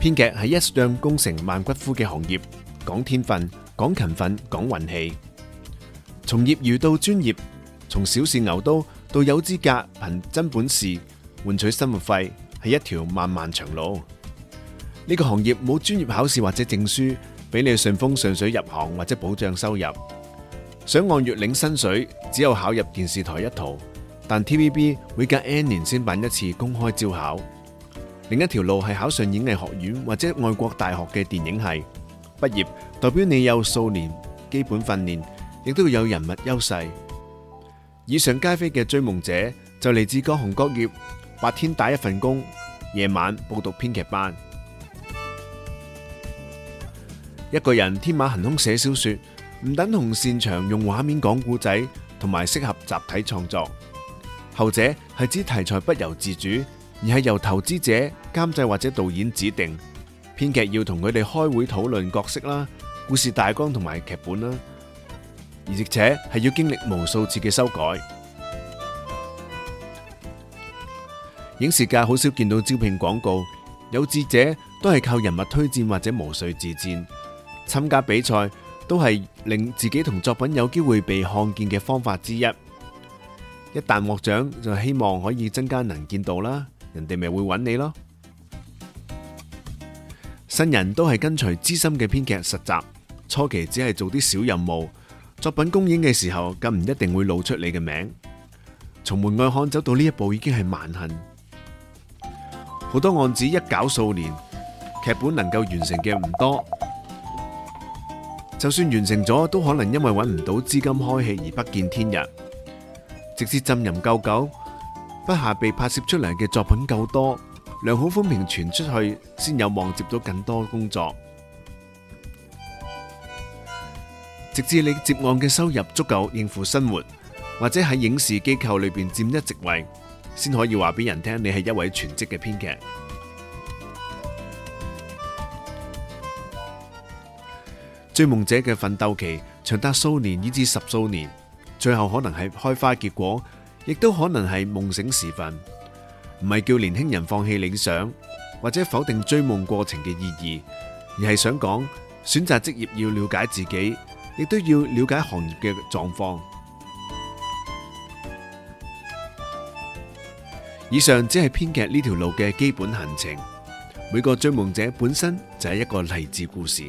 編劇係一將功成萬骨枯嘅行業，講天份、講勤奮、講運氣。從業餘到專業，從小試牛刀到有資格憑真本事換取生活費，係一條漫漫長路。呢、這個行業冇專業考試或者證書，俾你順風順水入行或者保障收入。想按月領薪水，只有考入電視台一途，但 TVB 會隔 N 年先辦一次公開招考。另一條路係考上演藝學院或者外國大學嘅電影系，畢業代表你有數年基本訓練，亦都要有人脈優勢。以上皆非嘅追夢者就嚟自各行各業，白天打一份工，夜晚報讀編劇班。一個人天馬行空寫小說，唔等同擅長用畫面講故仔，同埋適合集體創作。後者係指題材不由自主。而係由投資者、監製或者導演指定，編劇要同佢哋開會討論角色啦、故事大綱同埋劇本啦，而而且係要經歷無數次嘅修改。 影視界好少見到招聘廣告，有志者都係靠人脈推薦或者毛遂自薦，參加比賽都係令自己同作品有機會被看見嘅方法之一。一旦獲獎，就希望可以增加能見度啦。人哋咪會揾你咯。新人都係跟隨資深嘅編劇實習，初期只係做啲小任務。作品公映嘅時候，更唔一定會露出你嘅名。從門外漢走到呢一步，已經係萬幸。好多案子一搞數年，劇本能夠完成嘅唔多。就算完成咗，都可能因為揾唔到資金開戲而不見天日，直至浸淫夠久。筆下被拍攝出嚟嘅作品夠多，良好風評傳出去，先有望接到更多工作。直至你接案嘅收入足夠應付生活，或者喺影視機構裏邊占一席位，先可以話俾人聽你係一位全職嘅編劇。追夢者嘅奮鬥期長達數年以至十數年，最後可能係開花結果。亦都可能係夢醒時分，唔係叫年輕人放棄理想，或者否定追夢過程嘅意義，而係想講選擇職業要了解自己，亦都要了解行業嘅狀況。以上只係編劇呢條路嘅基本行程，每個追夢者本身就係一個勵志故事。